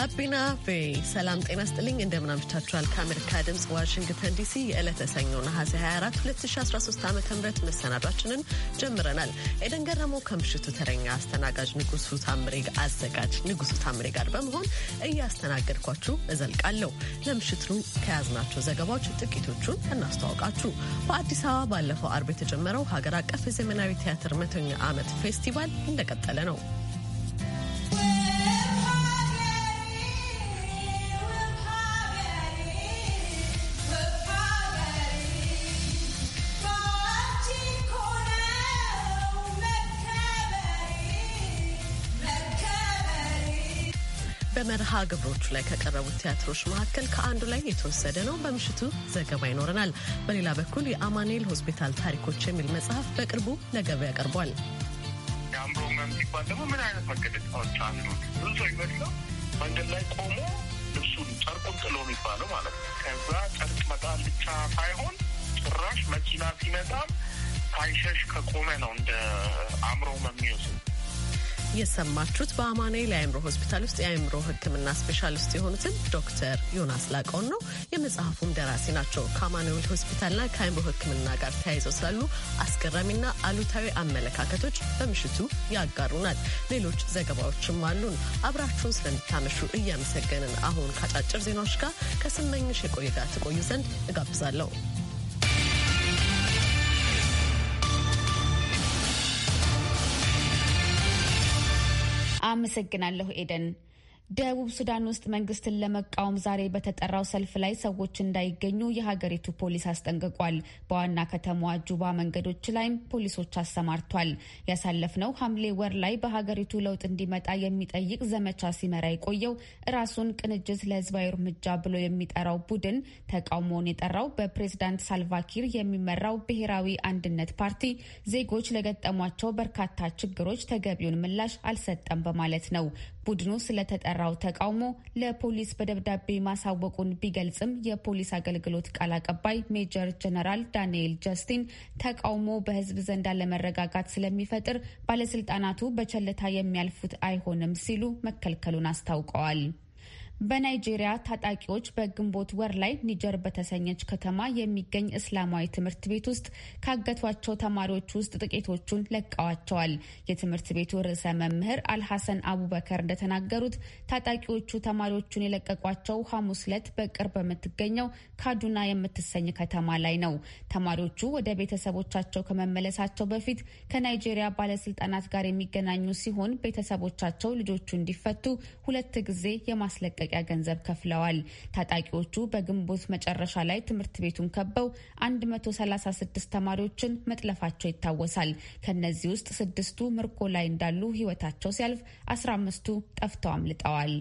ጋቢና ቬ ሰላም ጤና ስጥልኝ። እንደምናምሽታችኋል። ከአሜሪካ ድምፅ ዋሽንግተን ዲሲ የዕለተ ሰኞ ነሐሴ 24 2013 ዓ ም መሰናዷችንን ጀምረናል። ኤደን ገረመው ከምሽቱ ተረኛ አስተናጋጅ ንጉሱ ታምሬ አዘጋጅ ንጉሱ ታምሬ ጋር በመሆን እያስተናገድኳችሁ እዘልቃለሁ። ለምሽቱ ከያዝናቸው ዘገባዎች ጥቂቶቹን እናስተዋውቃችሁ። በአዲስ አበባ ባለፈው አርብ የተጀመረው ሀገር አቀፍ የዘመናዊ ቲያትር መቶኛ ዓመት ፌስቲቫል እንደቀጠለ ነው። በመርሃ ግብሮቹ ላይ ከቀረቡት ቲያትሮች መካከል ከአንዱ ላይ የተወሰደ ነው። በምሽቱ ዘገባ ይኖረናል። በሌላ በኩል የአማኑኤል ሆስፒታል ታሪኮች የሚል መጽሐፍ በቅርቡ ለገበያ ቀርቧል። የአእምሮ ህመም ሲባል ደግሞ ምን አይነት መገለጫዎች አሉ? ብዙ ሰው ይመስለው መንገድ ላይ ቆሞ ልብሱን ጨርቁን ጥሎ የሚባለው ማለት ነው። ከዛ ጨርቅ መጣል ብቻ ሳይሆን ጭራሽ መኪና ሲመጣም ሳይሸሽ ከቆመ ነው እንደ አእምሮ ህመም የሚወስድ የሰማችሁት በአማኑኤል የአእምሮ ሆስፒታል ውስጥ የአእምሮ ሕክምና ስፔሻሊስት የሆኑትን ዶክተር ዮናስ ላቀውን ነው። የመጽሐፉም ደራሲ ናቸው። ከአማኑኤል ሆስፒታልና ከአእምሮ ሕክምና ጋር ተያይዘው ስላሉ አስገራሚና አሉታዊ አመለካከቶች በምሽቱ ያጋሩናል። ሌሎች ዘገባዎችም አሉን። አብራችሁን ስለምታመሹ እያመሰገንን አሁን ከአጫጭር ዜናዎች ጋር ከስመኝሽ የቆየ ጋር ትቆዩ ዘንድ እጋብዛለሁ። አመሰግናለሁ ኤደን። ደቡብ ሱዳን ውስጥ መንግስትን ለመቃወም ዛሬ በተጠራው ሰልፍ ላይ ሰዎች እንዳይገኙ የሀገሪቱ ፖሊስ አስጠንቅቋል። በዋና ከተማዋ ጁባ መንገዶች ላይም ፖሊሶች አሰማርቷል። ያሳለፍነው ሐምሌ ወር ላይ በሀገሪቱ ለውጥ እንዲመጣ የሚጠይቅ ዘመቻ ሲመራ የቆየው ራሱን ቅንጅት ለህዝባዊ እርምጃ ብሎ የሚጠራው ቡድን ተቃውሞውን የጠራው በፕሬዝዳንት ሳልቫኪር የሚመራው ብሔራዊ አንድነት ፓርቲ ዜጎች ለገጠሟቸው በርካታ ችግሮች ተገቢውን ምላሽ አልሰጠም በማለት ነው። ቡድኑ ስለተጠራው ተቃውሞ ለፖሊስ በደብዳቤ ማሳወቁን ቢገልጽም የፖሊስ አገልግሎት ቃል አቀባይ ሜጀር ጀነራል ዳንኤል ጀስቲን ተቃውሞ በህዝብ ዘንድ አለመረጋጋት ስለሚፈጥር ባለስልጣናቱ በቸልታ የሚያልፉት አይሆንም ሲሉ መከልከሉን አስታውቀዋል። በናይጄሪያ ታጣቂዎች በግንቦት ወር ላይ ኒጀር በተሰኘች ከተማ የሚገኝ እስላማዊ ትምህርት ቤት ውስጥ ካገቷቸው ተማሪዎች ውስጥ ጥቂቶቹን ለቀዋቸዋል። የትምህርት ቤቱ ርዕሰ መምህር አልሐሰን አቡበከር እንደተናገሩት ታጣቂዎቹ ተማሪዎቹን የለቀቋቸው ሐሙስ ዕለት በቅርብ በምትገኘው ካዱና የምትሰኝ ከተማ ላይ ነው። ተማሪዎቹ ወደ ቤተሰቦቻቸው ከመመለሳቸው በፊት ከናይጄሪያ ባለስልጣናት ጋር የሚገናኙ ሲሆን ቤተሰቦቻቸው ልጆቹ እንዲፈቱ ሁለት ጊዜ የማስለቀቅ የማስለቀቂያ ገንዘብ ከፍለዋል። ታጣቂዎቹ በግንቦት መጨረሻ ላይ ትምህርት ቤቱን ከበው 136 ተማሪዎችን መጥለፋቸው ይታወሳል። ከነዚህ ውስጥ ስድስቱ ምርኮ ላይ እንዳሉ ሕይወታቸው ሲያልፍ 15ቱ ጠፍተው አምልጠዋል።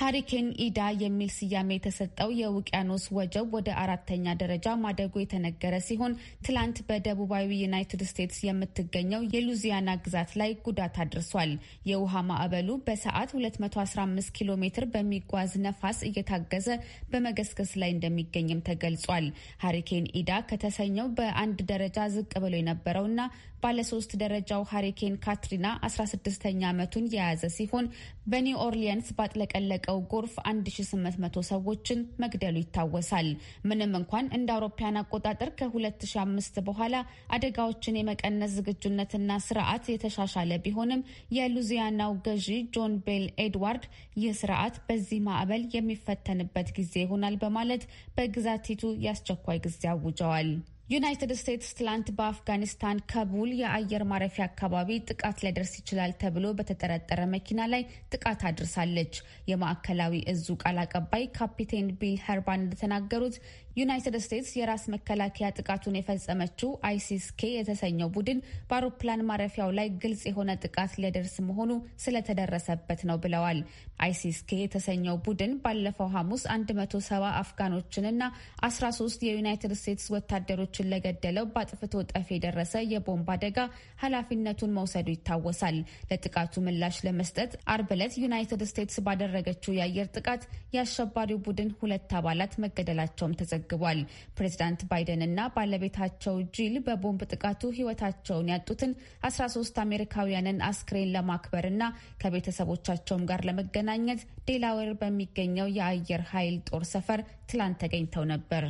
ሀሪኬን ኢዳ የሚል ስያሜ የተሰጠው የውቅያኖስ ወጀብ ወደ አራተኛ ደረጃ ማደጉ የተነገረ ሲሆን ትላንት በደቡባዊ ዩናይትድ ስቴትስ የምትገኘው የሉዚያና ግዛት ላይ ጉዳት አድርሷል። የውሃ ማዕበሉ በሰዓት 215 ኪሎ ሜትር በሚጓዝ ነፋስ እየታገዘ በመገስገስ ላይ እንደሚገኝም ተገልጿል። ሀሪኬን ኢዳ ከተሰኘው በአንድ ደረጃ ዝቅ ብሎ የነበረውና ባለሶስት ደረጃው ሀሪኬን ካትሪና 16ኛ ዓመቱን የያዘ ሲሆን በኒው ኦርሊየንስ ባጥለቀለ ያለቀው ጎርፍ 1800 ሰዎችን መግደሉ ይታወሳል። ምንም እንኳን እንደ አውሮፓያን አቆጣጠር ከ2005 በኋላ አደጋዎችን የመቀነስ ዝግጁነትና ስርዓት የተሻሻለ ቢሆንም የሉዚያናው ገዢ ጆን ቤል ኤድዋርድ ይህ ስርዓት በዚህ ማዕበል የሚፈተንበት ጊዜ ይሆናል በማለት በግዛቲቱ የአስቸኳይ ጊዜ አውጀዋል። ዩናይትድ ስቴትስ ትላንት በአፍጋኒስታን ካቡል የአየር ማረፊያ አካባቢ ጥቃት ሊያደርስ ይችላል ተብሎ በተጠረጠረ መኪና ላይ ጥቃት አድርሳለች። የማዕከላዊ እዙ ቃል አቀባይ ካፒቴን ቢል ሀርባን እንደተናገሩት ዩናይትድ ስቴትስ የራስ መከላከያ ጥቃቱን የፈጸመችው አይሲስ ኬ የተሰኘው ቡድን በአውሮፕላን ማረፊያው ላይ ግልጽ የሆነ ጥቃት ሊያደርስ መሆኑ ስለተደረሰበት ነው ብለዋል። አይሲስ ኬ የተሰኘው ቡድን ባለፈው ሐሙስ 170 አፍጋኖችንና 13 የዩናይትድ ስቴትስ ወታደሮችን ለገደለው በአጥፍቶ ጠፊ የደረሰ የቦምብ አደጋ ኃላፊነቱን መውሰዱ ይታወሳል። ለጥቃቱ ምላሽ ለመስጠት አርብ ዕለት ዩናይትድ ስቴትስ ባደረገችው የአየር ጥቃት የአሸባሪው ቡድን ሁለት አባላት መገደላቸውም ተዘግ ዘግቧል። ፕሬዚዳንት ባይደን እና ባለቤታቸው ጂል በቦምብ ጥቃቱ ህይወታቸውን ያጡትን 13 አሜሪካውያንን አስክሬን ለማክበር እና ከቤተሰቦቻቸውም ጋር ለመገናኘት ዴላወር በሚገኘው የአየር ኃይል ጦር ሰፈር ትላንት ተገኝተው ነበር።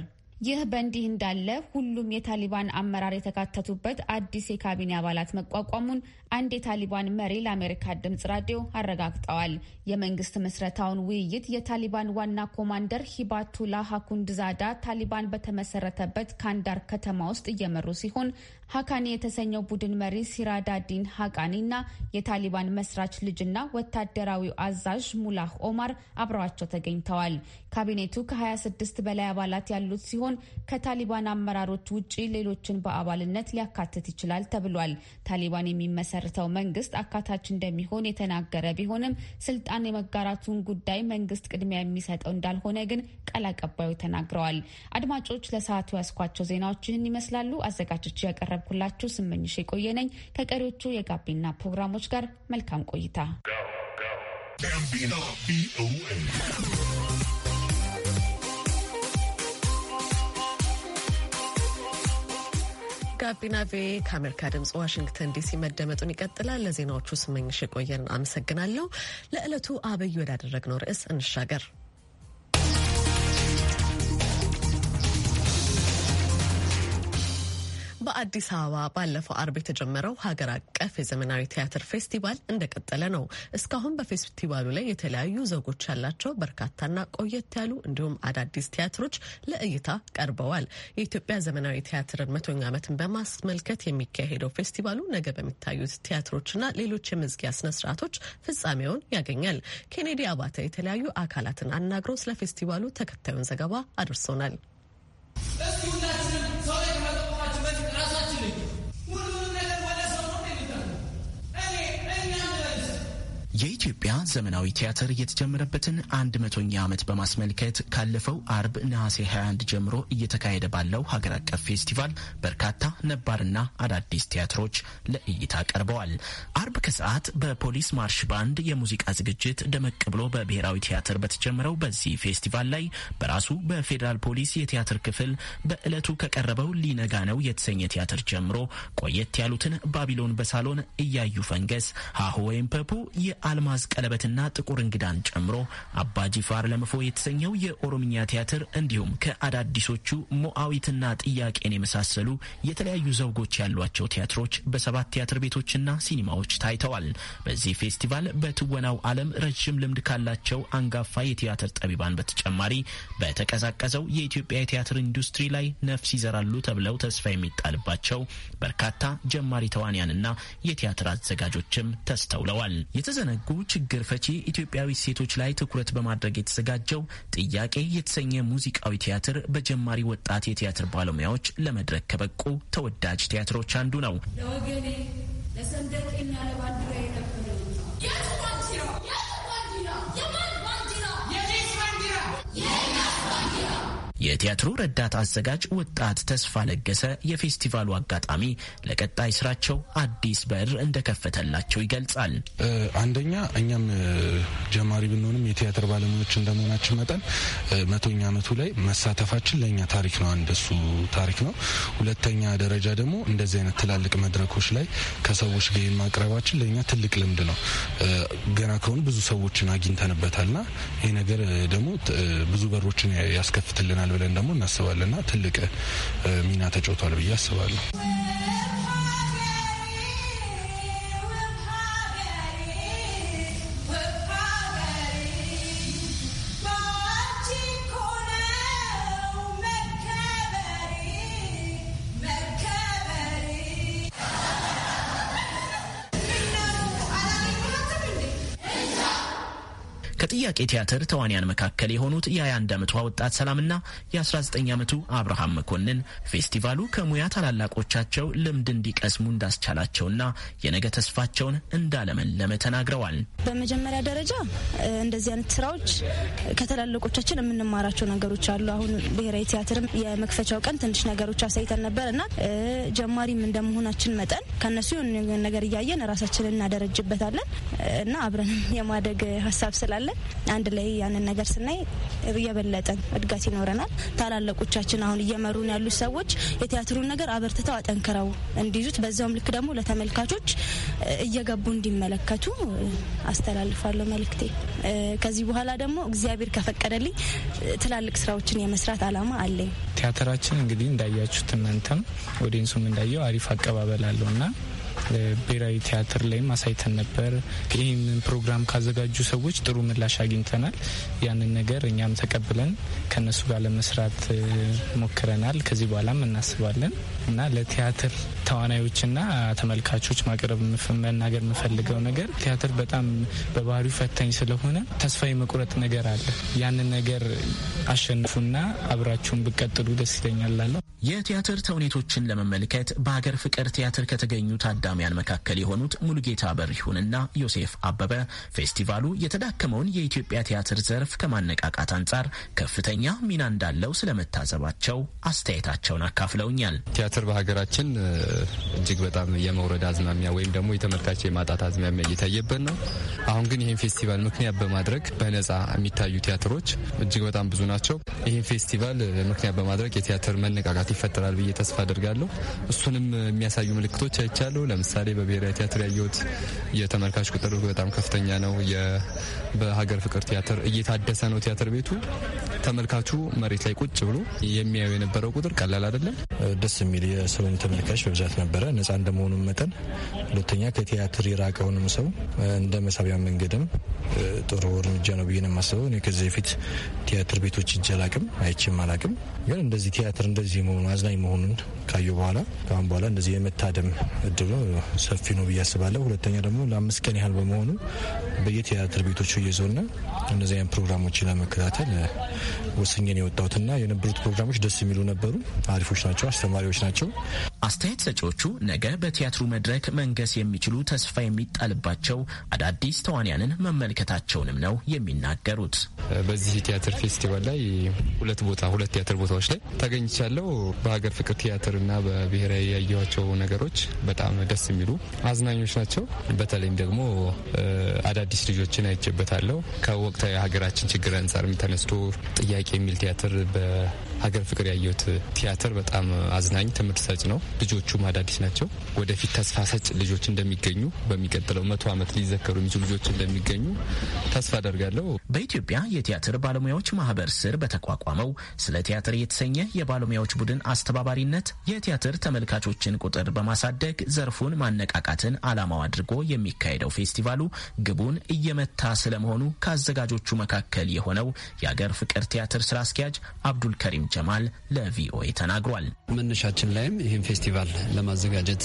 ይህ በእንዲህ እንዳለ ሁሉም የታሊባን አመራር የተካተቱበት አዲስ የካቢኔ አባላት መቋቋሙን አንድ የታሊባን መሪ ለአሜሪካ ድምጽ ራዲዮ አረጋግጠዋል። የመንግስት ምስረታውን ውይይት የታሊባን ዋና ኮማንደር ሂባቱላ ሀኩንድዛዳ ታሊባን በተመሰረተበት ካንዳር ከተማ ውስጥ እየመሩ ሲሆን ሀካኒ የተሰኘው ቡድን መሪ ሲራዳዲን ሀቃኒ እና የታሊባን መስራች ልጅና ወታደራዊው አዛዥ ሙላህ ኦማር አብረዋቸው ተገኝተዋል። ካቢኔቱ ከ26 በላይ አባላት ያሉት ሲሆን ሲሆን ከታሊባን አመራሮች ውጭ ሌሎችን በአባልነት ሊያካትት ይችላል ተብሏል። ታሊባን የሚመሰርተው መንግስት አካታች እንደሚሆን የተናገረ ቢሆንም ስልጣን የመጋራቱን ጉዳይ መንግስት ቅድሚያ የሚሰጠው እንዳልሆነ ግን ቃል አቀባዩ ተናግረዋል። አድማጮች ለሰዓቱ ያስኳቸው ዜናዎች ይህን ይመስላሉ። አዘጋጆች ያቀረብኩላችሁ ስመኝሽ የቆየ ነኝ። ከቀሪዎቹ የጋቢና ፕሮግራሞች ጋር መልካም ቆይታ። ጋቢና ቪ ከአሜሪካ ድምጽ ዋሽንግተን ዲሲ መደመጡን ይቀጥላል። ለዜናዎቹ ስመኝሽ የቆየን አመሰግናለሁ። ለዕለቱ አብይ ወዳደረግነው ርዕስ እንሻገር። በአዲስ አበባ ባለፈው አርብ የተጀመረው ሀገር አቀፍ የዘመናዊ ቲያትር ፌስቲቫል እንደቀጠለ ነው። እስካሁን በፌስቲቫሉ ላይ የተለያዩ ዘውጎች ያላቸው በርካታና ቆየት ያሉ እንዲሁም አዳዲስ ቲያትሮች ለእይታ ቀርበዋል። የኢትዮጵያ ዘመናዊ ቲያትርን መቶኛ ዓመትን በማስመልከት የሚካሄደው ፌስቲቫሉ ነገ በሚታዩት ቲያትሮችና ሌሎች የመዝጊያ ስነስርዓቶች ፍጻሜውን ያገኛል። ኬኔዲ አባተ የተለያዩ አካላትን አናግሮ ስለ ፌስቲቫሉ ተከታዩን ዘገባ አድርሶናል። የኢትዮጵያ ዘመናዊ ቲያትር የተጀመረበትን አንድ መቶኛ ዓመት በማስመልከት ካለፈው አርብ ነሐሴ 21 ጀምሮ እየተካሄደ ባለው ሀገር አቀፍ ፌስቲቫል በርካታ ነባርና አዳዲስ ቲያትሮች ለእይታ ቀርበዋል። አርብ ከሰዓት በፖሊስ ማርሽ ባንድ የሙዚቃ ዝግጅት ደመቅ ብሎ በብሔራዊ ቲያትር በተጀመረው በዚህ ፌስቲቫል ላይ በራሱ በፌዴራል ፖሊስ የቲያትር ክፍል በዕለቱ ከቀረበው ሊነጋ ነው የተሰኘ ቲያትር ጀምሮ ቆየት ያሉትን ባቢሎን በሳሎን እያዩ ፈንገስ ሀሆ ወይም ፐፑ አልማዝ ቀለበትና ጥቁር እንግዳን ጨምሮ አባጂፋር ለመፎ የተሰኘው የኦሮምኛ ቲያትር እንዲሁም ከአዳዲሶቹ ሞአዊትና ጥያቄን የመሳሰሉ የተለያዩ ዘውጎች ያሏቸው ቲያትሮች በሰባት ቲያትር ቤቶችና ሲኒማዎች ታይተዋል። በዚህ ፌስቲቫል በትወናው ዓለም ረዥም ልምድ ካላቸው አንጋፋ የቲያትር ጠቢባን በተጨማሪ በተቀዛቀዘው የኢትዮጵያ የቲያትር ኢንዱስትሪ ላይ ነፍስ ይዘራሉ ተብለው ተስፋ የሚጣልባቸው በርካታ ጀማሪ ተዋንያንና የቲያትር አዘጋጆችም ተስተውለዋል። የተዘነ ህጉ ችግር ፈቺ ኢትዮጵያዊ ሴቶች ላይ ትኩረት በማድረግ የተዘጋጀው ጥያቄ የተሰኘ ሙዚቃዊ ቲያትር በጀማሪ ወጣት የቲያትር ባለሙያዎች ለመድረክ ከበቁ ተወዳጅ ቲያትሮች አንዱ ነው። ለወገኔ ለሰንደቅና ለባንዲራ የቲያትሩ ረዳት አዘጋጅ ወጣት ተስፋ ለገሰ የፌስቲቫሉ አጋጣሚ ለቀጣይ ስራቸው አዲስ በር እንደከፈተላቸው ይገልጻል። አንደኛ እኛም ጀማሪ ብንሆንም የቲያትር ባለሙያዎች እንደመሆናችን መጠን መቶኛ ዓመቱ ላይ መሳተፋችን ለእኛ ታሪክ ነው። አንደሱ ታሪክ ነው። ሁለተኛ ደረጃ ደግሞ እንደዚህ አይነት ትላልቅ መድረኮች ላይ ከሰዎች ጋር ማቅረባችን ለእኛ ትልቅ ልምድ ነው። ገና ከሆኑ ብዙ ሰዎችን አግኝተንበታልና ይህ ነገር ደግሞ ብዙ በሮችን ያስከፍትልናል ብለን ደግሞ እናስባለንና ትልቅ ሚና ተጫውቷል ብዬ አስባለሁ። በጥያቄ ቲያትር ተዋንያን መካከል የሆኑት የ21 ዓመቷ ወጣት ሰላምና የ19 ዓመቱ አብርሃም መኮንን ፌስቲቫሉ ከሙያ ታላላቆቻቸው ልምድ እንዲቀስሙ እንዳስቻላቸውና የነገ ተስፋቸውን እንዳለመለመ ተናግረዋል። በመጀመሪያ ደረጃ እንደዚህ አይነት ስራዎች ከታላላቆቻችን የምንማራቸው ነገሮች አሉ። አሁን ብሔራዊ ቲያትርም የመክፈቻው ቀን ትንሽ ነገሮች አሳይተን ነበር እና ጀማሪም እንደመሆናችን መጠን ከነሱ የሆነ ነገር እያየን ራሳችንን እናደረጅበታለን እና አብረንም የማደግ ሀሳብ ስላለን አንድ ላይ ያንን ነገር ስናይ እየበለጠን እድጋት ይኖረናል። ታላላቆቻችን አሁን እየመሩን ያሉት ሰዎች የቲያትሩን ነገር አበርትተው አጠንክረው እንዲይዙት፣ በዛውም ልክ ደግሞ ለተመልካቾች እየገቡ እንዲመለከቱ አስተላልፋለሁ መልእክቴ። ከዚህ በኋላ ደግሞ እግዚአብሔር ከፈቀደልኝ ትላልቅ ስራዎችን የመስራት አላማ አለኝ። ቲያትራችን እንግዲህ እንዳያችሁት እናንተም እንሱም እንዳየው አሪፍ አቀባበል አለውና ብሔራዊ ቲያትር ላይም አሳይተን ነበር። ይህንን ፕሮግራም ካዘጋጁ ሰዎች ጥሩ ምላሽ አግኝተናል። ያንን ነገር እኛም ተቀብለን ከነሱ ጋር ለመስራት ሞክረናል። ከዚህ በኋላም እናስባለን እና ለቲያትር ተዋናዮችና ተመልካቾች ማቅረብ መናገር የምፈልገው ነገር ቲያትር በጣም በባህሪው ፈታኝ ስለሆነ ተስፋ የመቁረጥ ነገር አለ። ያንን ነገር አሸንፉና አብራችሁን ብቀጥሉ ደስ ይለኛል የቲያትር ተውኔቶችን ለመመልከት በሀገር ፍቅር ቲያትር ከተገኙ ታዳሚያን መካከል የሆኑት ሙሉጌታ በሪሁንና ዮሴፍ አበበ ፌስቲቫሉ የተዳከመውን የኢትዮጵያ ቲያትር ዘርፍ ከማነቃቃት አንጻር ከፍተኛ ሚና እንዳለው ስለመታዘባቸው አስተያየታቸውን አካፍለውኛል። ቲያትር በሀገራችን እጅግ በጣም የመውረድ አዝማሚያ ወይም ደግሞ የተመልካች የማጣት አዝማሚያ እየታየበት ነው። አሁን ግን ይህን ፌስቲቫል ምክንያት በማድረግ በነጻ የሚታዩ ቲያትሮች እጅግ በጣም ብዙ ናቸው። ይህን ፌስቲቫል ምክንያት በማድረግ የቲያትር መነቃቃት ይፈጠራል ብዬ ተስፋ አድርጋለሁ። እሱንም የሚያሳዩ ምልክቶች አይቻለሁ። ለምሳሌ በብሔራዊ ቲያትር ያየሁት የተመልካች ቁጥር በጣም ከፍተኛ ነው። በሀገር ፍቅር ቲያትር እየታደሰ ነው ቲያትር ቤቱ። ተመልካቹ መሬት ላይ ቁጭ ብሎ የሚያየው የነበረው ቁጥር ቀላል አይደለም። ደስ የሚል የሰሎኒ ተመልካች መረዳት ነበረ። ነጻ እንደመሆኑ መጠን ሁለተኛ ከቲያትር የራቀውንም ሰው እንደ መሳቢያ መንገድም ጥሩ እርምጃ ነው ብዬ ነው የማስበው። እኔ ከዚህ በፊት ቲያትር ቤቶች እጅ አላቅም፣ አይችም አላቅም። ግን እንደዚህ ቲያትር እንደዚህ መሆኑ አዝናኝ መሆኑን ካዩ በኋላ ከአሁን በኋላ እንደዚህ የመታደም እድሉ ሰፊ ነው ብዬ አስባለሁ። ሁለተኛ ደግሞ ለአምስት ቀን ያህል በመሆኑ በየቲያትር ቤቶቹ እየዞና እነዚህ አይነት ፕሮግራሞችን ለመከታተል ወስኜን የወጣሁትና የነበሩት ፕሮግራሞች ደስ የሚሉ ነበሩ። አሪፎች ናቸው፣ አስተማሪዎች ናቸው። አስተያየት ሰጪዎቹ ነገ በቲያትሩ መድረክ መንገስ የሚችሉ ተስፋ የሚጣልባቸው አዳዲስ ተዋንያንን መመልከታቸውንም ነው የሚናገሩት። በዚህ ቲያትር ፌስቲቫል ላይ ሁለት ቦታ ሁለት ቲያትር ቦታዎች ላይ ተገኝቻለሁ። በሀገር ፍቅር ቲያትርና በብሔራዊ ያየኋቸው ነገሮች በጣም ደስ የሚሉ አዝናኞች ናቸው። በተለይም ደግሞ አዳዲስ ልጆችን አይቼበታለሁ። ከወቅታዊ ሀገራችን ችግር አንጻር ተነስቶ ጥያቄ የሚል ቲያትር ሀገር ፍቅር ያየሁት ቲያትር በጣም አዝናኝ፣ ትምህርት ሰጭ ነው። ልጆቹም አዳዲስ ናቸው። ወደፊት ተስፋ ሰጭ ልጆች እንደሚገኙ በሚቀጥለው መቶ ዓመት ሊዘከሩ የሚችሉ ልጆች እንደሚገኙ ተስፋ አደርጋለሁ። በኢትዮጵያ የቲያትር ባለሙያዎች ማህበር ስር በተቋቋመው ስለ ቲያትር የተሰኘ የባለሙያዎች ቡድን አስተባባሪነት የቲያትር ተመልካቾችን ቁጥር በማሳደግ ዘርፉን ማነቃቃትን ዓላማው አድርጎ የሚካሄደው ፌስቲቫሉ ግቡን እየመታ ስለመሆኑ ከአዘጋጆቹ መካከል የሆነው የአገር ፍቅር ቲያትር ስራ አስኪያጅ አብዱል ከሪም ጀማል ለቪኦኤ ተናግሯል። መነሻችን ላይም ይህን ፌስቲቫል ለማዘጋጀት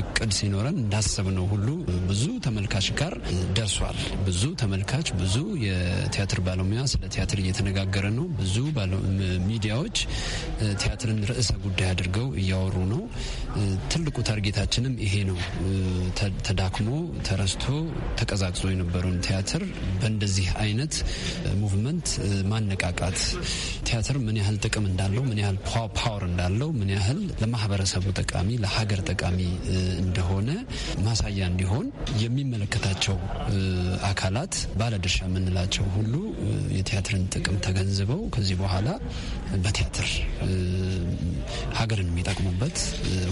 እቅድ ሲኖረን እንዳሰብነው ሁሉ ብዙ ተመልካች ጋር ደርሷል። ብዙ ተመልካች፣ ብዙ የቲያትር ባለሙያ ስለ ቲያትር እየተነጋገረ ነው። ብዙ ሚዲያዎች ቲያትርን ርዕሰ ጉዳይ አድርገው እያወሩ ነው። ትልቁ ታርጌታችንም ይሄ ነው። ተዳክሞ ተረስቶ ተቀዛቅዞ የነበረውን ቲያትር በእንደዚህ አይነት ሙቭመንት ማነቃቃት ቲያትር ምን ያህል ያህል ጥቅም እንዳለው፣ ምን ያህል ፓወር እንዳለው፣ ምን ያህል ለማህበረሰቡ ጠቃሚ፣ ለሀገር ጠቃሚ እንደሆነ ማሳያ እንዲሆን የሚመለከታቸው አካላት ባለድርሻ የምንላቸው ሁሉ የቲያትርን ጥቅም ተገንዝበው ከዚህ በኋላ በቲያትር ሀገርን የሚጠቅሙበት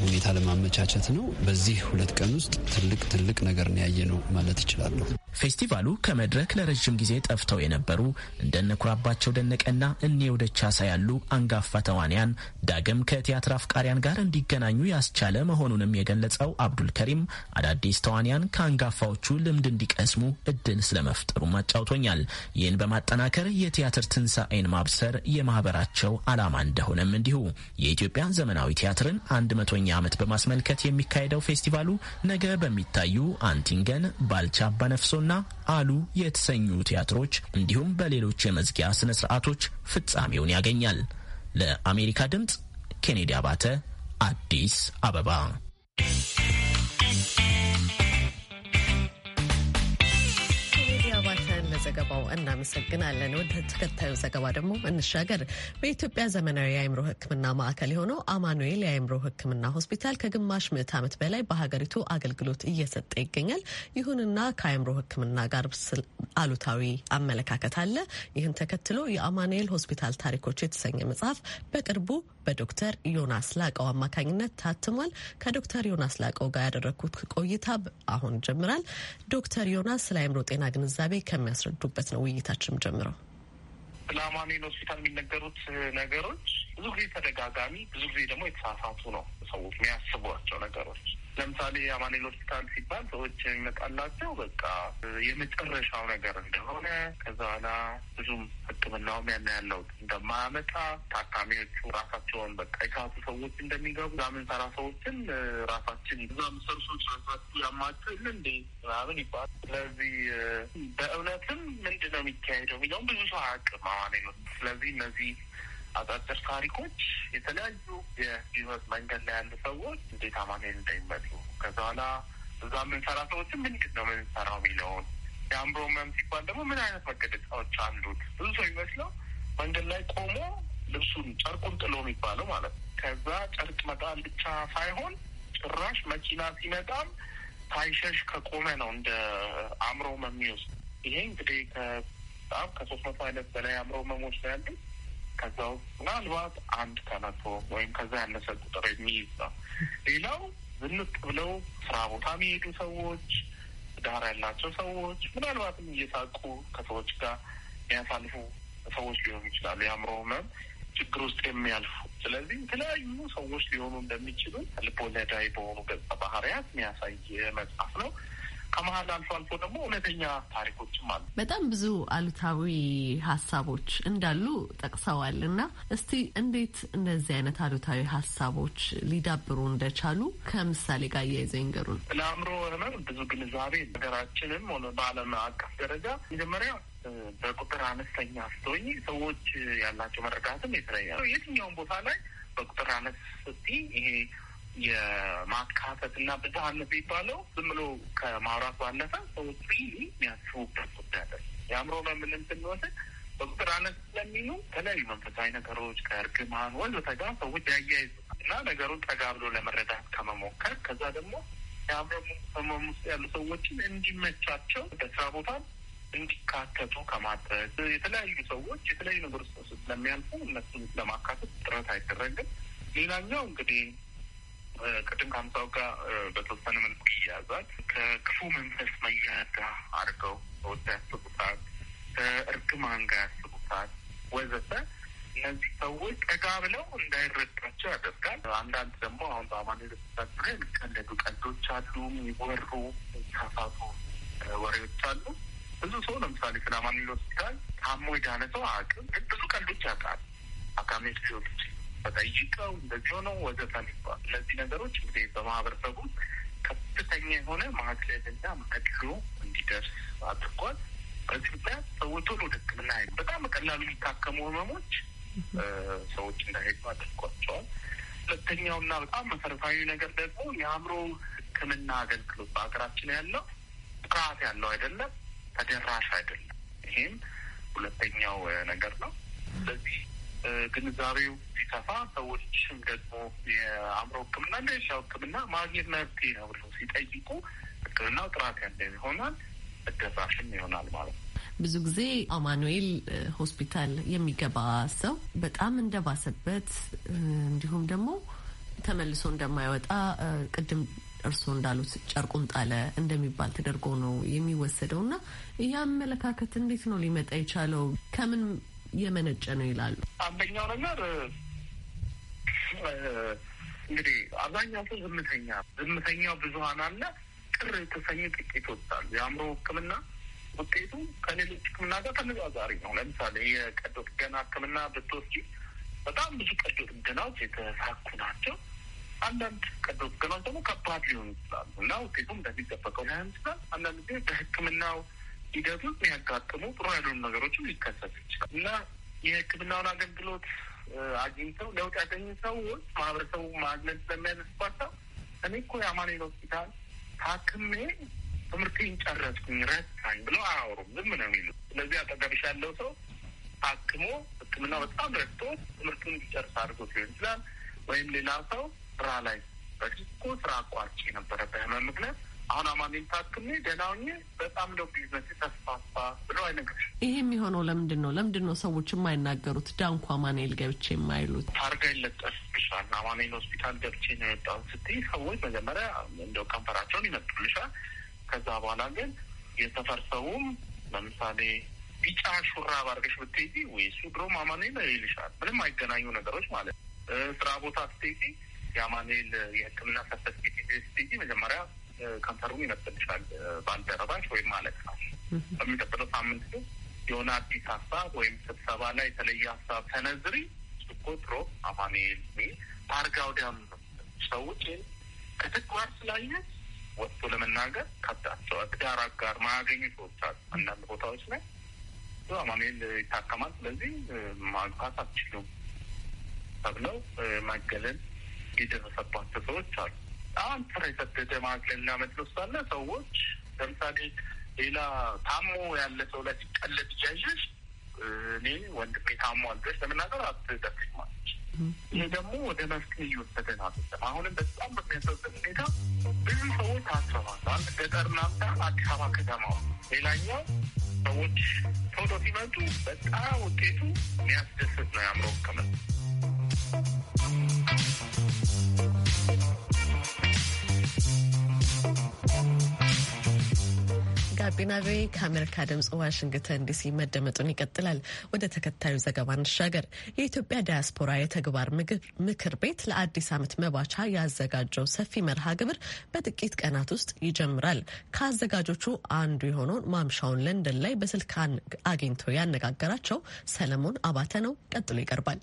ሁኔታ ለማመቻቸት ነው። በዚህ ሁለት ቀን ውስጥ ትልቅ ትልቅ ነገር ያየ ነው ማለት ይችላለሁ። ፌስቲቫሉ ከመድረክ ለረዥም ጊዜ ጠፍተው የነበሩ እንደነ ኩራባቸው ደነቀና እኔ ቻሳ ያሉ አንጋፋ ተዋንያን ዳግም ከቲያትር አፍቃሪያን ጋር እንዲገናኙ ያስቻለ መሆኑንም የገለጸው አብዱል ከሪም አዳዲስ ተዋንያን ከአንጋፋዎቹ ልምድ እንዲቀስሙ እድል ስለመፍጠሩም አጫውቶኛል። ይህን በማጠናከር የቲያትር ትንሣኤን ማብሰር የማህበራቸው ዓላማ እንደሆነም እንዲሁ የኢትዮጵያ ዘመናዊ ቲያትርን አንድ መቶኛ ዓመት በማስመልከት የሚካሄደው ፌስቲቫሉ ነገ በሚታዩ አንቲንገን፣ ባልቻ አባነፍሶ ያለውና አሉ የተሰኙ ቲያትሮች እንዲሁም በሌሎች የመዝጊያ ስነ ስርዓቶች ፍጻሜውን ያገኛል። ለአሜሪካ ድምፅ ኬኔዲ አባተ አዲስ አበባ ዘገባው እናመሰግናለን። ወደ ተከታዩ ዘገባ ደግሞ እንሻገር። በኢትዮጵያ ዘመናዊ የአእምሮ ሕክምና ማዕከል የሆነው አማኑኤል የአእምሮ ሕክምና ሆስፒታል ከግማሽ ምዕት ዓመት በላይ በሀገሪቱ አገልግሎት እየሰጠ ይገኛል። ይሁንና ከአእምሮ ሕክምና ጋር አሉታዊ አመለካከት አለ። ይህን ተከትሎ የአማኑኤል ሆስፒታል ታሪኮች የተሰኘ መጽሐፍ በቅርቡ በዶክተር ዮናስ ላቀው አማካኝነት ታትሟል። ከዶክተር ዮናስ ላቀው ጋር ያደረግኩት ቆይታ አሁን ጀምራል። ዶክተር ዮናስ ስለ አእምሮ ጤና ግንዛቤ ከሚያስረዱ ወርዶበት ነው ውይይታችን ጀምረው። ላማኑኤል ሆስፒታል የሚነገሩት ነገሮች ብዙ ጊዜ ተደጋጋሚ፣ ብዙ ጊዜ ደግሞ የተሳሳቱ ነው ሰዎች የሚያስቧቸው ነገሮች። ለምሳሌ አማኑኤል ሆስፒታል ሲባል ሰዎች የሚመጣላቸው በቃ የመጨረሻው ነገር እንደሆነ ከዛ በኋላ ብዙም ሕክምናውም ያን ያለው እንደማያመጣ ታካሚዎቹ ራሳቸውን በቃ የሳቱ ሰዎች እንደሚገቡ ዛምን ሰራ ሰዎችን ራሳችን እዛ ምሰሩ ሰዎች ራሳችሁ ያማቸው ል እንዴ ምናምን ይባል። ስለዚህ በእውነትም ምንድነው የሚካሄደው የሚለውም ብዙ ሰው አያውቅም አማኑኤል። ስለዚህ እነዚህ አጫጭር ታሪኮች የተለያዩ የህይወት መንገድ ላይ ያሉ ሰዎች እንዴት አማኑኤል እንዳይመጡ ከዛ በኋላ እዛ የምንሰራ ሰዎችን ምንድን ነው የምንሰራው የሚለውን የአእምሮ ህመም ሲባል ደግሞ ምን አይነት መገለጫዎች አሉት? ብዙ ሰው ይመስለው መንገድ ላይ ቆሞ ልብሱን ጨርቁን ጥሎ የሚባለው ማለት ነው። ከዛ ጨርቅ መጣል ብቻ ሳይሆን ጭራሽ መኪና ሲመጣም ታይሸሽ ከቆመ ነው እንደ አእምሮ ህመም የሚወስድ። ይሄ እንግዲህ ከጣም ከሶስት መቶ አይነት በላይ አእምሮ ህመሞች ነው ያሉት። ከዛ ውስጥ ምናልባት አንድ ከመቶ ወይም ከዛ ያነሰ ቁጥር የሚይዝ ነው። ሌላው ዝንጥ ብለው ስራ ቦታ የሚሄዱ ሰዎች፣ ዳር ያላቸው ሰዎች፣ ምናልባትም እየሳቁ ከሰዎች ጋር የሚያሳልፉ ሰዎች ሊሆኑ ይችላሉ። የአእምሮ ህመም ችግር ውስጥ የሚያልፉ ስለዚህ የተለያዩ ሰዎች ሊሆኑ እንደሚችሉ ልቦለዳዊ በሆኑ ገጸ ባህሪያት የሚያሳይ መጽሐፍ ነው። ከመሀል አልፎ አልፎ ደግሞ እውነተኛ ታሪኮችም አሉ። በጣም ብዙ አሉታዊ ሀሳቦች እንዳሉ ጠቅሰዋል እና እስቲ እንዴት እንደዚህ አይነት አሉታዊ ሀሳቦች ሊዳብሩ እንደቻሉ ከምሳሌ ጋር እያይዘው ይንገሩን። ለአእምሮ ህመም ብዙ ግንዛቤ ሀገራችንም ሆነ በዓለም አቀፍ ደረጃ መጀመሪያ በቁጥር አነስተኛ ስትሆኝ ሰዎች ያላቸው መረዳትም የተለያየ ነው። የትኛውም ቦታ ላይ በቁጥር አነስ ስቲ ይሄ የማካተት እና ብዝሃነት የሚባለው ዝም ብሎ ከማውራት ባለፈ ሰዎች ሪሊ የሚያስቡበት ጉዳይ አለ። የአእምሮ መምንም ስንወስድ በቁጥር አነት ስለሚሉ የተለያዩ መንፈሳዊ ነገሮች ከእርግማን ወዘተ ጋር ሰዎች ያያይዙ እና ነገሩን ጠጋ ብሎ ለመረዳት ከመሞከር ከዛ ደግሞ የአእምሮ ህመም ውስጥ ያሉ ሰዎችን እንዲመቻቸው በስራ ቦታ እንዲካተቱ ከማድረግ የተለያዩ ሰዎች የተለያዩ ነገሮች ስለሚያልፉ እነሱን ለማካተት ጥረት አይደረግም። ሌላኛው እንግዲህ ቅድም ከአምሳው ጋር በተወሰነ መልኩ ይያዛል። ከክፉ መንፈስ መያዳ ጋር አድርገው ሰዎች ያስቡታል። ከእርግማን ጋር ያስቡታል ወዘተ። እነዚህ ሰዎች ጠጋ ብለው እንዳይረዳቸው ያደርጋል። አንዳንድ ደግሞ አሁን በአማኒ ርሳት ላይ የሚቀለዱ ቀልዶች አሉ፣ የሚወሩ ሳሳቱ ወሬዎች አሉ። ብዙ ሰው ለምሳሌ ስለ አማኑኤል ሆስፒታል ታሞ የዳነ ሰው አቅም ግን ብዙ ቀልዶች ያውቃል። አካሜት ሊሆን በጠይቀው እንደዚህ ሆነው ወዘተ የሚባሉ እነዚህ ነገሮች እንግዲህ በማህበረሰቡ ከፍተኛ የሆነ ማግለልና መድሎ እንዲደርስ አድርጓል። በዚህ ምክንያት ሰውቱን ቶሎ ወደ ሕክምና በጣም በቀላሉ የሚታከሙ ህመሞች ሰዎች እንዳይሄዱ አድርጓቸዋል። ሁለተኛውና በጣም መሰረታዊ ነገር ደግሞ የአእምሮ ሕክምና አገልግሎት በሀገራችን ያለው ጥራት ያለው አይደለም፣ ተደራሽ አይደለም። ይህም ሁለተኛው ነገር ነው። ስለዚህ ግንዛቤው ሲሰፋ ሰዎችም ደግሞ የአእምሮ ሕክምና እንደ ሻ ሕክምና ማግኘት መብት ነው ብሎ ሲጠይቁ ሕክምናው ጥራት ያለ ይሆናል፣ ተደራሽም ይሆናል ማለት ነው። ብዙ ጊዜ አማኑኤል ሆስፒታል የሚገባ ሰው በጣም እንደባሰበት እንዲሁም ደግሞ ተመልሶ እንደማይወጣ ቅድም እርስዎ እንዳሉት ጨርቁን ጣለ እንደሚባል ተደርጎ ነው የሚወሰደው እና ይህ አመለካከት እንዴት ነው ሊመጣ የቻለው? ከምን የመነጨ ነው ይላሉ። አንደኛው ነገር እንግዲህ አብዛኛው ሰው ዝምተኛ ዝምተኛው ብዙሀን አለ፣ ቅር የተሰኘ ጥቂቶች አሉ። የአእምሮ ሕክምና ውጤቱ ከሌሎች ሕክምና ጋር ተነጻጻሪ ነው። ለምሳሌ የቀዶ ጥገና ሕክምና ብትወስጂ በጣም ብዙ ቀዶ ጥገናዎች የተሳኩ ናቸው። አንዳንድ ቀዶ ጥገናዎች ደግሞ ከባድ ሊሆኑ ይችላሉ እና ውጤቱም እንደሚጠበቀው ላይሆን ይችላል። አንዳንድ ጊዜ በሕክምናው ሂደቱ የሚያጋጥሙ ጥሩ ያልሆኑ ነገሮችም ሊከሰቱ ይችላል እና የሕክምናውን አገልግሎት አግኝተው ለውጥ ያገኙ ሰዎች ማህበረሰቡ ማግለል ስለሚያደርስባቸው እኔ እኮ የአማኑኤል ሆስፒታል ታክሜ ትምህርቴን ጨረስኩኝ ረታኝ ብለው አያወሩም። ዝም ነው የሚሉ። ስለዚህ አጠገብሽ ያለው ሰው ታክሞ ሕክምና በጣም ረድቶ ትምህርቱን እንዲጨርስ አድርጎ ሊሆን ይችላል። ወይም ሌላ ሰው ስራ ላይ በድርጎ ስራ አቋርጬ የነበረበት ህመም ምክንያት አሁን አማሚን ታክሜ ደህና ሆኜ በጣም ነው ቢዝነስ የተስፋፋ ብሎ አይነግርሽ። ይሄ የሚሆነው ለምንድን ነው? ለምንድን ነው ሰዎች የማይናገሩት? ዳንኩ አማኑኤል ገብቼ የማይሉት? ታርጋ ይለጠፍብሻል። አማኑኤል ሆስፒታል ገብቼ ነው የወጣሁት ስትይ ሰዎች መጀመሪያ እንደው ከንፈራቸውን ይመጡልሻል። ከዛ በኋላ ግን የሰፈር ሰውም ለምሳሌ ቢጫ ሹራብ አድርገሽ ብትሄጂ ወይ እሱ ድሮም አማኑኤል ይልሻል። ምንም አይገናኙ ነገሮች ማለት ነው። ስራ ቦታ ስትሄጂ የአማኑኤል የህክምና ሰርተፊኬት ስትሄጂ መጀመሪያ ከንፈሩን ይመስልሻል ባልደረባሽ ወይም ማለት ነው። በሚቀጥለው ሳምንት ግን የሆነ አዲስ ሀሳብ ወይም ስብሰባ ላይ የተለየ ሀሳብ ተነዝሪ ሱኮትሮ አማኑኤል ሚል ፓርጋውዲያም ሰዎች ከተግባር ስላየ ወጥቶ ለመናገር ከብዳቸው ትዳር አጋር ማያገኙ ሰዎች አሉ። አንዳንድ ቦታዎች ላይ አማኑኤል ይታከማል፣ ስለዚህ ማግባት አትችሉም ተብለው መገለል የደረሰባቸው ሰዎች አሉ። በጣም ስር የሰደደ ማግለልና መድሎ ሳለ ሰዎች ለምሳሌ ሌላ ታሞ ያለ ሰው ላይ ሲቀለድ እያየሽ እኔ ወንድሜ ታሞ አልገሽ ለመናገር አትደፍሪ ማለት ይሄ ደግሞ ወደ መፍትሄ እየወሰደን አይደለም። አሁንም በጣም በሚያሳዝን ሁኔታ ብዙ ሰዎች ታስረዋል። አንድ ገጠር ናምታ አዲስ አበባ ከተማ ሌላኛው ሰዎች ቶሎ ሲመጡ በጣም ውጤቱ የሚያስደስት ነው። ያምረው ከመ ጋቢና ቪ ከአሜሪካ ድምጽ ዋሽንግተን ዲሲ መደመጡን ይቀጥላል። ወደ ተከታዩ ዘገባ እንሻገር። የኢትዮጵያ ዲያስፖራ የተግባር ምክር ቤት ለአዲስ ዓመት መባቻ ያዘጋጀው ሰፊ መርሃ ግብር በጥቂት ቀናት ውስጥ ይጀምራል። ከአዘጋጆቹ አንዱ የሆነውን ማምሻውን ለንደን ላይ በስልክ አግኝቶ ያነጋገራቸው ሰለሞን አባተ ነው። ቀጥሎ ይቀርባል።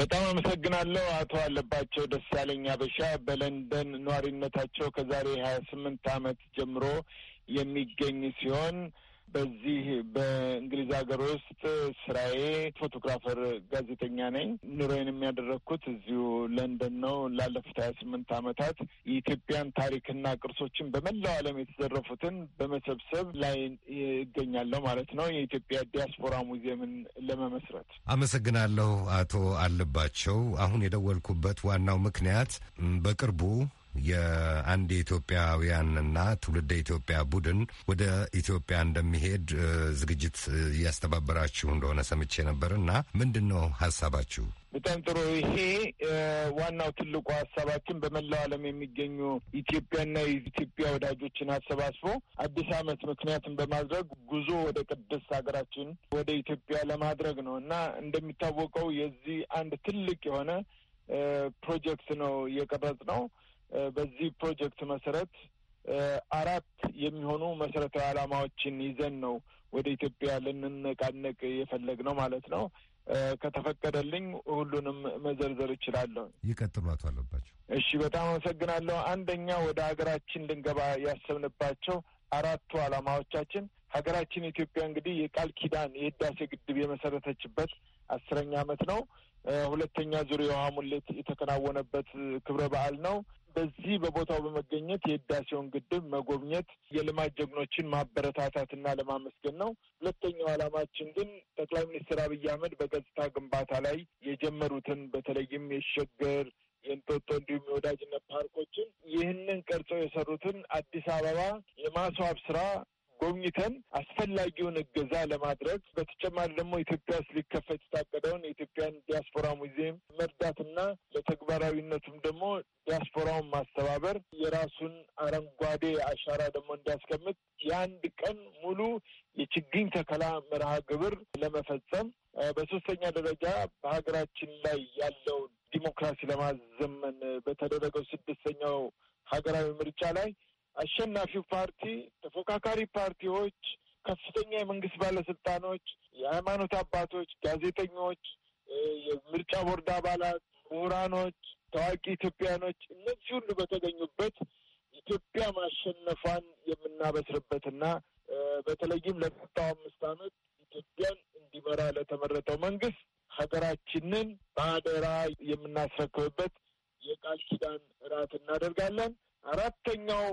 በጣም አመሰግናለሁ አቶ አለባቸው ደሳለኝ አበሻ በለንደን ነዋሪነታቸው ከዛሬ ሀያ ስምንት አመት ጀምሮ የሚገኝ ሲሆን በዚህ በእንግሊዝ ሀገር ውስጥ ስራዬ ፎቶግራፈር ጋዜጠኛ ነኝ። ኑሮዬን የሚያደረግኩት እዚሁ ለንደን ነው። ላለፉት ሀያ ስምንት ዓመታት የኢትዮጵያን ታሪክና ቅርሶችን በመላው ዓለም የተዘረፉትን በመሰብሰብ ላይ ይገኛለሁ ማለት ነው። የኢትዮጵያ ዲያስፖራ ሙዚየምን ለመመስረት አመሰግናለሁ። አቶ አለባቸው፣ አሁን የደወልኩበት ዋናው ምክንያት በቅርቡ የአንድ የኢትዮጵያውያንና ትውልደ ኢትዮጵያ ቡድን ወደ ኢትዮጵያ እንደሚሄድ ዝግጅት እያስተባበራችሁ እንደሆነ ሰምቼ ነበር እና ምንድን ነው ሀሳባችሁ? በጣም ጥሩ። ይሄ ዋናው ትልቁ ሀሳባችን በመላው ዓለም የሚገኙ ኢትዮጵያና የኢትዮጵያ ወዳጆችን አሰባስቦ አዲስ ዓመት ምክንያትን በማድረግ ጉዞ ወደ ቅድስት ሀገራችን ወደ ኢትዮጵያ ለማድረግ ነው እና እንደሚታወቀው የዚህ አንድ ትልቅ የሆነ ፕሮጀክት ነው እየቀረጽ ነው በዚህ ፕሮጀክት መሰረት አራት የሚሆኑ መሰረታዊ ዓላማዎችን ይዘን ነው ወደ ኢትዮጵያ ልንነቃነቅ የፈለግ ነው ማለት ነው። ከተፈቀደልኝ ሁሉንም መዘርዘር እችላለሁ። ይቀጥሉ አቶ አለባቸው። እሺ፣ በጣም አመሰግናለሁ። አንደኛ ወደ ሀገራችን ልንገባ ያሰብንባቸው አራቱ ዓላማዎቻችን ሀገራችን ኢትዮጵያ እንግዲህ የቃል ኪዳን የህዳሴ ግድብ የመሰረተችበት አስረኛ ዓመት ነው። ሁለተኛ ዙር የውሃ ሙሌት የተከናወነበት ክብረ በዓል ነው። በዚህ በቦታው በመገኘት የህዳሴውን ግድብ መጎብኘት የልማት ጀግኖችን ማበረታታትና ለማመስገን ነው። ሁለተኛው ዓላማችን ግን ጠቅላይ ሚኒስትር አብይ አህመድ በገጽታ ግንባታ ላይ የጀመሩትን በተለይም የሸገር የእንጦጦ እንዲሁም የወዳጅነት ፓርኮችን ይህንን ቀርጸው የሰሩትን አዲስ አበባ የማስዋብ ስራ ጎብኝተን አስፈላጊውን እገዛ ለማድረግ በተጨማሪ ደግሞ ኢትዮጵያ ውስጥ ሊከፈት የታቀደውን የኢትዮጵያን ዲያስፖራ ሙዚየም መርዳትና ለተግባራዊነቱም ደግሞ ዲያስፖራውን ማስተባበር የራሱን አረንጓዴ አሻራ ደግሞ እንዲያስቀምጥ የአንድ ቀን ሙሉ የችግኝ ተከላ መርሃ ግብር ለመፈጸም በሶስተኛ ደረጃ በሀገራችን ላይ ያለውን ዲሞክራሲ ለማዘመን በተደረገው ስድስተኛው ሀገራዊ ምርጫ ላይ አሸናፊው ፓርቲ፣ ተፎካካሪ ፓርቲዎች፣ ከፍተኛ የመንግስት ባለስልጣኖች፣ የሃይማኖት አባቶች፣ ጋዜጠኞች፣ የምርጫ ቦርድ አባላት፣ ምሁራኖች፣ ታዋቂ ኢትዮጵያኖች እነዚህ ሁሉ በተገኙበት ኢትዮጵያ ማሸነፏን የምናበስርበትና በተለይም ለቀጣው አምስት ዓመት ኢትዮጵያን እንዲመራ ለተመረጠው መንግስት ሀገራችንን በአደራ የምናስረክብበት የቃል ኪዳን እራት እናደርጋለን። አራተኛው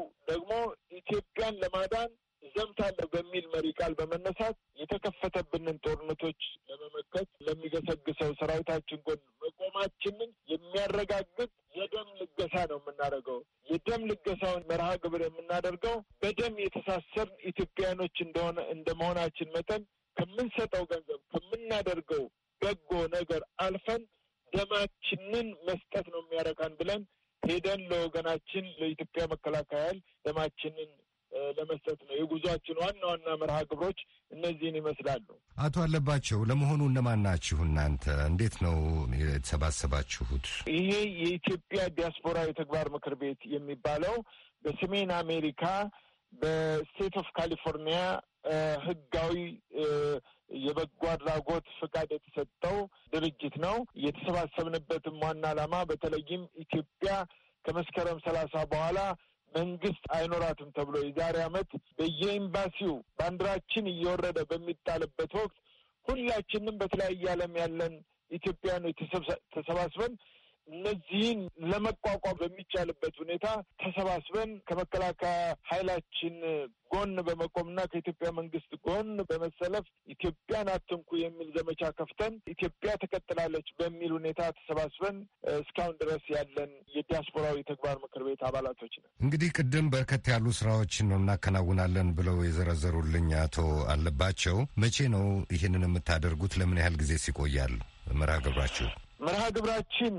ኢትዮጵያን ለማዳን ዘምታለሁ በሚል መሪ ቃል በመነሳት የተከፈተብንን ጦርነቶች ለመመከት ለሚገሰግሰው ሰራዊታችን ጎን መቆማችንን የሚያረጋግጥ የደም ልገሳ ነው የምናደርገው። የደም ልገሳውን መርሃ ግብር የምናደርገው በደም የተሳሰርን ኢትዮጵያኖች እንደሆነ እንደ መሆናችን መጠን ከምንሰጠው ገንዘብ ከምናደርገው በጎ ነገር አልፈን ደማችንን መስጠት ነው የሚያረካን ብለን ሄደን ለወገናችን ለኢትዮጵያ መከላከያ ደማችንን ለመስጠት ነው። የጉዟችን ዋና ዋና መርሃ ግብሮች እነዚህን ይመስላሉ። አቶ አለባቸው፣ ለመሆኑ እነማን ናችሁ እናንተ? እንዴት ነው የተሰባሰባችሁት? ይሄ የኢትዮጵያ ዲያስፖራ የተግባር ምክር ቤት የሚባለው በሰሜን አሜሪካ በስቴት ኦፍ ካሊፎርኒያ ህጋዊ የበጎ አድራጎት ፍቃድ የተሰጠው ድርጅት ነው። የተሰባሰብንበትም ዋና ዓላማ በተለይም ኢትዮጵያ ከመስከረም ሰላሳ በኋላ መንግስት አይኖራትም ተብሎ የዛሬ አመት በየኤምባሲው ባንዲራችን እየወረደ በሚጣልበት ወቅት ሁላችንም በተለያየ ዓለም ያለን ኢትዮጵያኖች ተሰባስበን እነዚህን ለመቋቋም በሚቻልበት ሁኔታ ተሰባስበን ከመከላከያ ኃይላችን ጎን በመቆምና ከኢትዮጵያ መንግስት ጎን በመሰለፍ ኢትዮጵያን አትንኩ የሚል ዘመቻ ከፍተን ኢትዮጵያ ትቀጥላለች በሚል ሁኔታ ተሰባስበን እስካሁን ድረስ ያለን የዲያስፖራዊ ተግባር ምክር ቤት አባላቶች ነን። እንግዲህ ቅድም በርከት ያሉ ስራዎችን ነው እናከናውናለን ብለው የዘረዘሩልኝ አቶ አለባቸው፣ መቼ ነው ይህንን የምታደርጉት? ለምን ያህል ጊዜ ሲቆያል መርሃ ግብራችሁ? መርሃ ግብራችን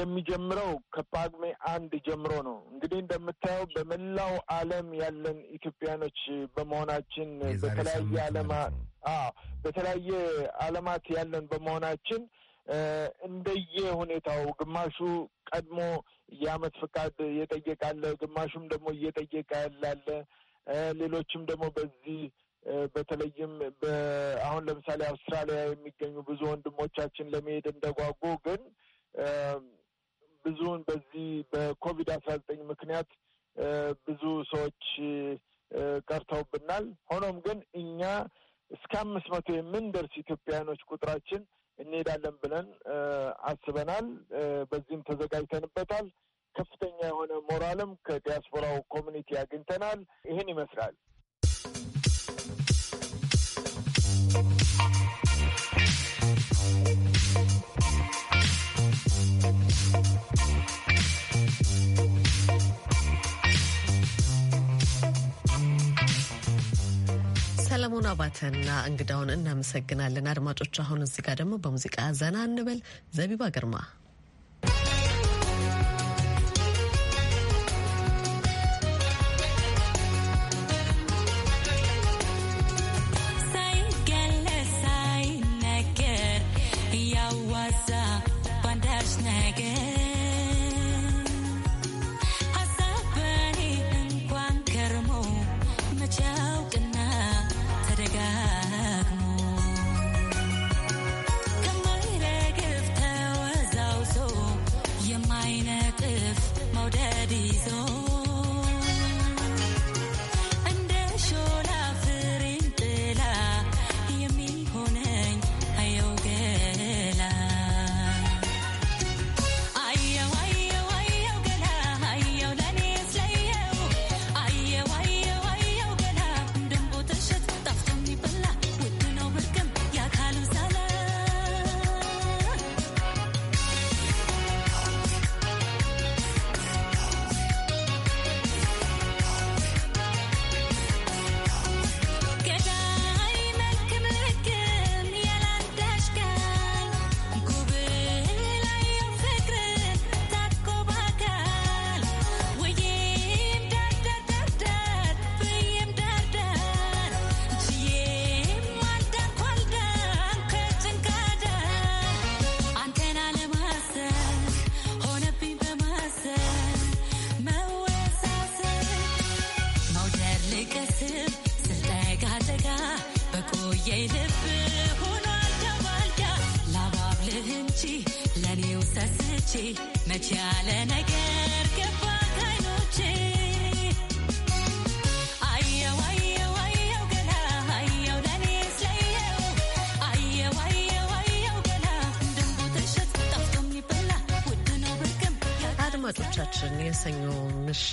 የሚጀምረው ከጳጉሜ አንድ ጀምሮ ነው። እንግዲህ እንደምታየው በመላው ዓለም ያለን ኢትዮጵያኖች በመሆናችን በተለያየ ዓለማ በተለያየ ዓለማት ያለን በመሆናችን እንደየ ሁኔታው ግማሹ ቀድሞ የአመት ፍቃድ እየጠየቃለ፣ ግማሹም ደግሞ እየጠየቀ ያላለ ሌሎችም ደግሞ በዚህ በተለይም አሁን ለምሳሌ አውስትራሊያ የሚገኙ ብዙ ወንድሞቻችን ለመሄድ እንደጓጉ ግን ብዙውን በዚህ በኮቪድ አስራ ዘጠኝ ምክንያት ብዙ ሰዎች ቀርተውብናል። ሆኖም ግን እኛ እስከ አምስት መቶ የምንደርስ ኢትዮጵያውያኖች ቁጥራችን እንሄዳለን ብለን አስበናል። በዚህም ተዘጋጅተንበታል። ከፍተኛ የሆነ ሞራልም ከዲያስፖራው ኮሚኒቲ አግኝተናል። ይህን ይመስላል። ሰለሞን አባተና እንግዳውን እናመሰግናለን። አድማጮች አሁን እዚህ ጋር ደግሞ በሙዚቃ ዘና እንበል። ዘቢባ ግርማ these. Oh.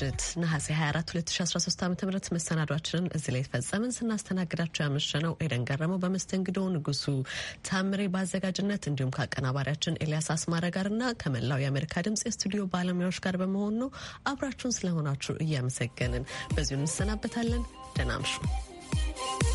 ምሽት ነሐሴ 24 2013 ዓ ም መሰናዷችንን እዚህ ላይ ፈጸምን። ስናስተናግዳቸው ያመሸነው ኤደን ገረመው በመስተንግዶ ንጉሱ ታምሬ በአዘጋጅነት እንዲሁም ከአቀናባሪያችን ኤልያስ አስማረ ጋርና ከመላው የአሜሪካ ድምጽ የስቱዲዮ ባለሙያዎች ጋር በመሆን ነው። አብራችሁን ስለሆናችሁ እያመሰገንን በዚሁ እንሰናበታለን። ደህና እምሹ።